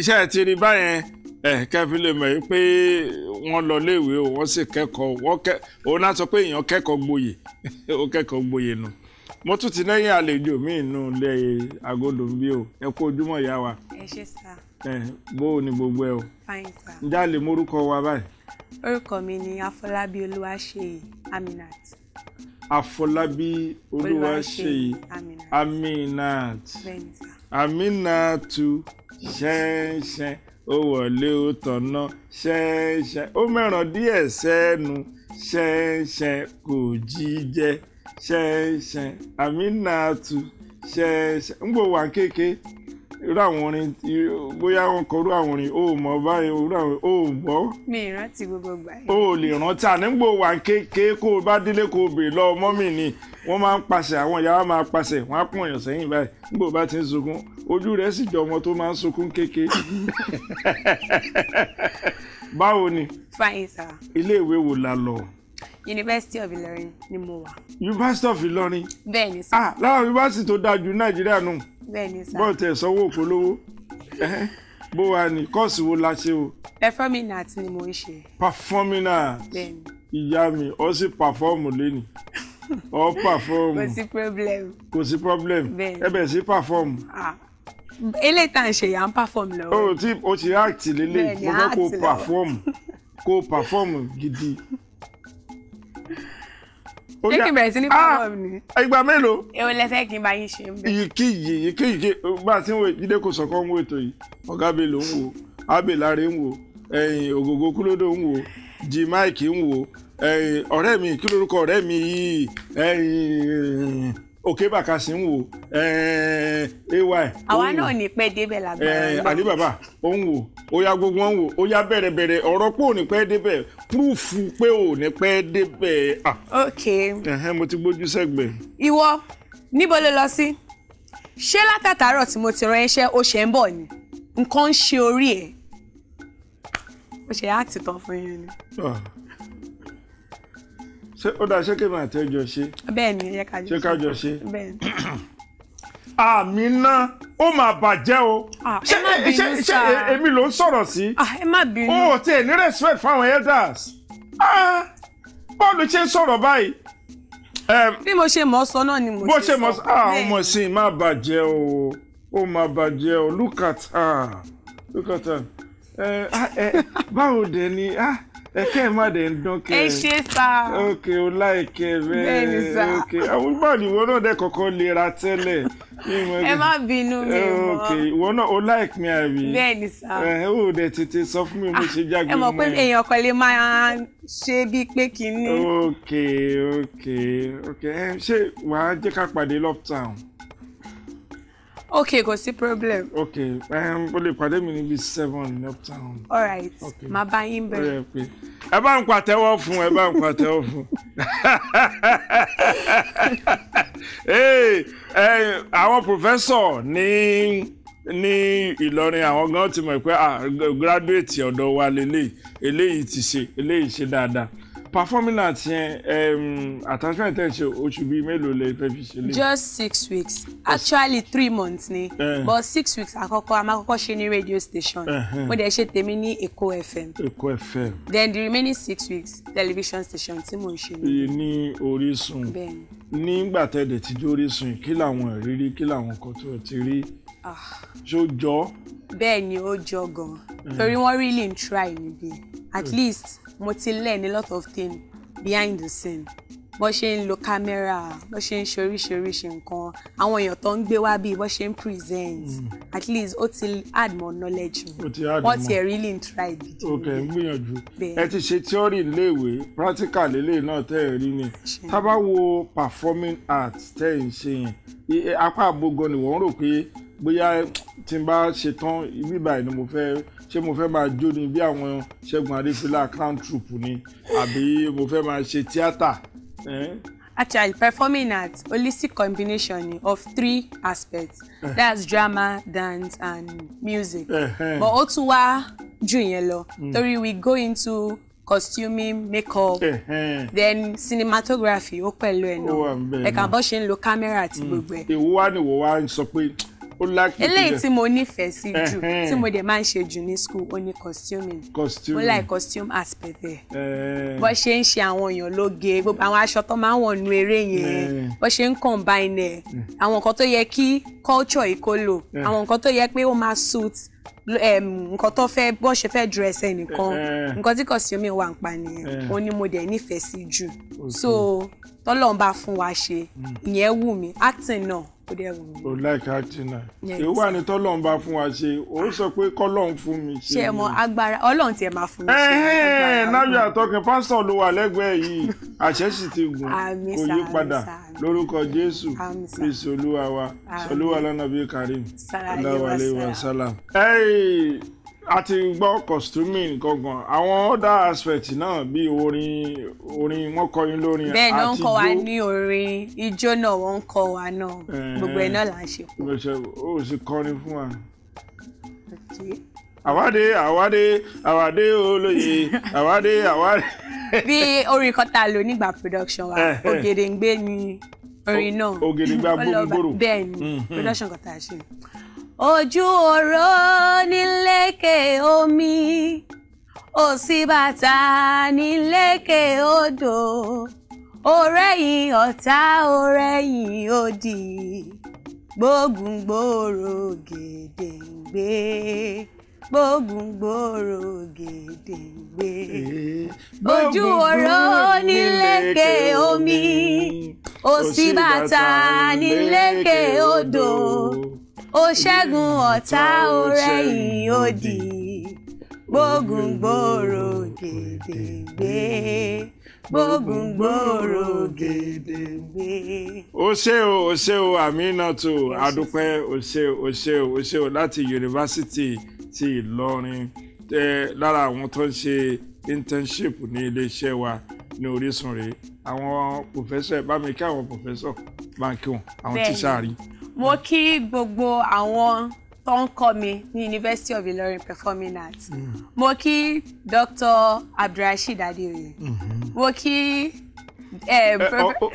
iṣẹ́ ti rí báyẹn kẹ́fí lè mọ̀ pé wọ́n lọ léèwé o wọ́n sì kẹ́kọ̀ọ́ wọ́n kẹ́ òun náà sọ pé èèyàn kẹ́kọ̀ọ́ gboyè ó kẹ́kọ̀ọ́ gboyè nù mo tún ti lẹ́yìn àlejò mi nù lẹ́ agodo ń bí o ẹ kú ojúmọ́ ìyá wa. ẹ ṣe sá. bó o ní gbogbo ẹ o. fine sá. ǹjẹ́ a lè mórúkọ wa báyìí. orúkọ mi ni Afọlábí Olúwaṣeyì Aminat. Afolabi Olúwaṣeyì Aminat. Aminat. bẹ́ẹ̀ni sá. aminatu ṣẹṣẹ ó wọlé ó tọ̀nà ṣẹ́ńṣẹ́ ó mẹ́ràn díẹ̀ sẹ́nu ṣẹ́ńṣẹ́ kò jíjẹ ṣẹ́ńṣẹ́ aminatu ṣẹṣẹ ń gbò wá kéke irú àwọn orin tí bóyá wọn kọ irú àwọn orin ó mọ báyìí irú àwọn ó mọ. mi ìrántí gbogbo gbà yìí. o ò lè rántí ànígbò wà kéèké kó o bá délé kó o bèrè lọ ọmọ mi ni wọn máa ń pàṣẹ àwọn ìyá wa máa pàṣẹ wọn á pọn ọyàn sẹ́yìn báyìí nígbà bá ti ń sunkún ojú rẹ sì jọ ọmọ tó máa ń sunkún kéèké. báwo ni. fine sir. ilé ìwé wo la lọ. University of Ilorin ni mo wà. University of Ilorin. bẹ́ẹ̀ni sir. ah láwọn yunifásitì tó dáa jù Nàìjíríà nù. No bẹ́ẹ̀ni sá. bọ́ọ̀tì ẹ̀ sanwó òpolówó bó wa ni kọ́ọ̀sì wo la ṣe o. performing art ni mo ń ṣe. performing art ìyá mi ọ sì pàfọ́ọ̀mù lẹ́nu ọ pàfọ́ọ̀mù kò sí problem kò sí problem ẹ bẹ̀ sí perform. eléyìí tá à ń ṣe yà ń perform lọ. o ti o ti act lélẹ̀ mo fẹ́ kó perform kó perform gidi ṣé kí n bẹ̀rẹ̀ sí ní ah, pàwọ́ ni. ìgbà mélòó. èwo lẹsẹ̀ kí n bá yín ṣe ń bẹ̀. ìkéyìí ìkéyìí bá a ti ń wo jíde kò sọ̀kọ́ ń wo ètò yìí ọ̀gá bẹ́ẹ̀ ló ń wo abẹ́ láre ń wo òkè bàkà sí ń wò eh, ay. àwa náà ní pẹ́ débẹ̀ lágbára. Eh, àní bàbá ó ń wò ó yá gbogbo wọn wò ó yá bẹ̀rẹ̀ bẹ̀rẹ̀ ọ̀rọ̀ pé ò ní pẹ́ débẹ̀ púrúfù pé ò ní pẹ́ débẹ̀. Ah. ok. mo ti gbójú sẹ́gbẹ̀ẹ́. ìwọ níbo ló lọ sí ṣé látàtàárọ̀ tí mo ti rán iṣẹ́ ó ṣe ń bọ̀ ni nǹkan ń ṣe orí ẹ̀ ó ṣe á ti tán fún yín ni. Ah ṣé ó dáa ṣé kémi àti ẹjọ ṣe. bẹ́ẹ̀ni ẹ ká jọ ṣe ṣé ká jọ ṣe. bẹ́ẹ̀ni. àmì náà ó máa bàjẹ́ o. Ah, ẹ má bínú sá ṣé èmi ló ń sọ̀rọ̀ sí. Ah, ẹ má bínú. o ò tiẹ̀ ní respect fáwọn elders. Ah, bọ́ọ̀lù ṣe ń sọ̀rọ̀ báyìí bí mo ṣe mọ̀ sọ náà ni mo ṣe sọ. bó ṣe mọ̀ sọ ah ọmọ sí má bàjẹ́ o ó má bàjẹ́ o look at her look at her eh, eh, báwo dẹ̀ ni ah ẹkẹ má dé ń dán kẹ ẹ ṣe sá ok o láìkẹ bẹ́ẹ̀ ok àwọn báàlì ìwọ náà dẹ kọ́kọ́ lera tẹ́lẹ̀ ẹ má bínú mi mọ́ ok ìwọ náà o láìkẹ mi àbí bẹ́ẹ̀ ni sá ẹ ò dẹ tètè sọ fún mi mo ah, ṣe jágbe mọ́ ẹ mọ̀ pé èèyàn kan lè máa ṣe bíi pé kínní. ok ok ok ṣé wàá jẹ́ ká pàdé lọ́pùtàn ok kò sí problem. ok um, o lè pàdé mi níbi seven uptown. All alright màá bá yín bẹ̀rẹ̀. ẹ bá ń pàtẹ́wọ́ fún ẹ bá ń pàtẹ́wọ́ fún. àwọn professor ní ní Ìlọrin àwọn gan ti mọ̀ pé ah, graduate ọ̀dọ̀ wa lélẹ́yìí eléyìí ti ṣe eléyìí ṣe dáadáa performing arts um, attachment ten ṣe oṣù bíi mélòó lè fẹ́ just six weeks actually three months ni uh, but six weeks àkọ́kọ́ a máa kọ́kọ́ ṣe ní radio station mo dey ṣe tèmi ní Eco FM. Eco FM. then the remaining six weeks television station tí mò ń ṣe. ní Orísun nígbà tẹ̀dẹ̀ tí jó Orísun kí làwọn ìrírí kí làwọn kan tó ti rí ah. ṣó jọ. bẹ́ẹ̀ ni jọ gan eh. torí wọ́n really ń try níbí at hmm. least mo ti learn a lot of things behind the scene bó ṣe ń lo kámẹ́rà bó ṣe ń ṣoríṣiríṣi nǹkan àwọn èèyàn tó ń gbé wá bí bó ṣe ń present hmm. at least ó ti add more knowledge mi wọ́n ti ẹ̀ really try it. ok n gbìyànjú ẹ ti ṣe theory léèwé practical lélẹ́yìn náà tẹ́ ẹ̀ rí ni tá wo performing arts tẹ́ ẹ̀ ń ṣe yẹn apá àgbógan ni wọ́n rò pé bóyá tí n bá ṣe tán ibi ìbàyìí ni mo fẹ́ ṣé mo fẹ́ máa jó ni bí àwọn Ṣẹ́gun Adéfìlà clown troupe ni àbí mo fẹ́ máa ṣe tíátà. Actually, performing at holistic combination of three aspects eh. that's drama, dance, and music. But ó tún wá jù yẹn lọ hmm. torí we go into costuming makeup then cinematography ó pẹ̀lú ẹ̀ náà ẹ̀ka bó ṣe ń lo kámẹ́rà àti hmm. gbogbo ẹ̀. èwo ni wò ń sọ pé ó láìpẹ́ eléyìí tí mo nífẹ̀ẹ́ sí jù tí mo dẹ̀ máa ń ṣe jù ní school ó ní costuming mo like costume aspect ẹ̀ bó ṣe ń ṣe àwọn èèyàn lóge gbogbo àwọn aṣọ tó máa ń wọ̀ nu eré yẹn bó ṣe ń combine ẹ̀ àwọn nǹkan tó yẹ kí culture ìkólò àwọn nǹkan tó yẹ pé ó máa suit nǹkan tó fẹ́ bọ́ ṣe fẹ́ dress ẹnìkan eh, eh. nǹkan tí costume wà ń pa nìyẹn eh. ó ní mo dẹ̀ nífẹ̀ẹ́ sí jù so tọ́lọ́run bá fún wa ṣe hmm. ìyẹn wù mí acting náà ó dẹ̀ wù mí. o like acting náà èyí wà ní tọ́lọ́run bá fún wa ṣe ó sọ pé kọ́lọ́run fún mi ṣe. ṣé mo agbára ọlọ́run tiẹ̀ máa fún mi ṣe. now you are talking pásítọ̀ ló wà lẹ́gbẹ̀ẹ́ yìí àṣẹ sì ti gùn kò yí padà. àmín sáà àmín sáà lórúkọ jésù kristi olúwa wa sọlúwa lánàbí karim aláwàlẹ wasalam. a ti gbọ́ costuming gangan àwọn other aspect náà bíi orin orin wọn kọrin lórin àti ijó bẹ́ẹ̀ náà ń kọ́ wa ní orin ijó náà wọ́n ń kọ́ wa náà gbogbo ẹ̀ náà là ń ṣe. o sì kọrin fún wa àwádé àwádé àwádé olóye àwádé àwádé bí orin kan tá a lò nígbà production wa Ògèdèǹgbé ni orin náà Ògèdèǹgbé agbómigbòrò bẹ́ẹ̀ ni mhm. production kan tá a ṣe. ojú oró nílékè omi òsínbàtà nílékè odò ọ̀rẹ́yìn ọ̀tá ọ̀rẹ́yìn òdì gbógun gbòòrò Ògèdèǹgbé gbógungbòòrò gèdèǹgbè eh, ojú oró nílékè omi òsì bàtà nílékè odò ó ṣẹ́gun ọ̀tá ó rẹ́yìn òdì gbógungbòòrò gèdèǹgbè gbógungbòòrò gèdèǹgbè. ó ṣé o ó ṣé o Aminatu adúpẹ́ ó ṣé o ó o ó ṣé o láti yunifásítì ti Ìlọrin ẹ lára àwọn tó ń ṣe internship ní iléeṣẹ́ wa ní Orísun rèé àwọn pòfẹ́sọ̀ ẹ bá mi kí àwọn pòfẹ́sọ̀ bá ń kí wọn àwọn tíṣà rí. mo kí gbogbo àwọn tó ń kọ́ mi ní University of Ilorin Performing Arts mm. mo kí Dr. Abdulrasheed Adeoye mm-hmm. mo kí.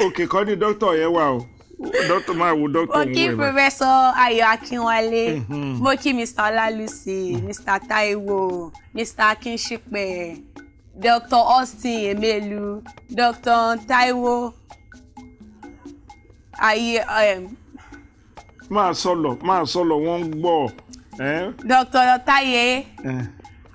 òkè kọ́ ni dókítà yẹn wà o. Dr. máa Dr. dókítà òun wẹ̀. mo kí pírọfẹ́sọ ayọ̀ akínwálé mhm. mr ọlálùsì mr taiwo mr akínṣípẹ̀ dr austin emelu dr taiwo ayé. máa sọlọ máa sọlọ wọn ń gbọ́. dr taye. Eh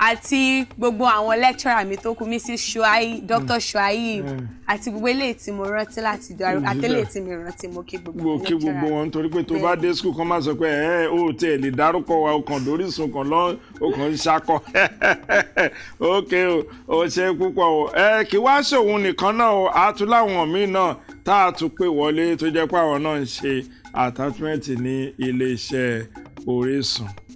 àti gbogbo àwọn lecturer mi tó kù mrs shuayi dr mm. shuayi mm. àti gbogbo eléyìí tí mo rántí láti darí àtẹlẹ tí mi rántí mo kí gbogbo lecturer. mo kí gbogbo wọn nítorí pé tó bá dé school kan máa sọ pé ẹ ò tẹ ẹ lè dárúkọ wa o kàn dórísun kan lọ o kàn ń ṣakọ ok o o ṣe púpọ̀ o ẹ kí wá ṣòun nìkan náà o àtúláwọn míì náà tá a tún pè wọlé tó jẹ́ pé àwọn náà ń ṣe attachment ní iléeṣẹ́ Orísun.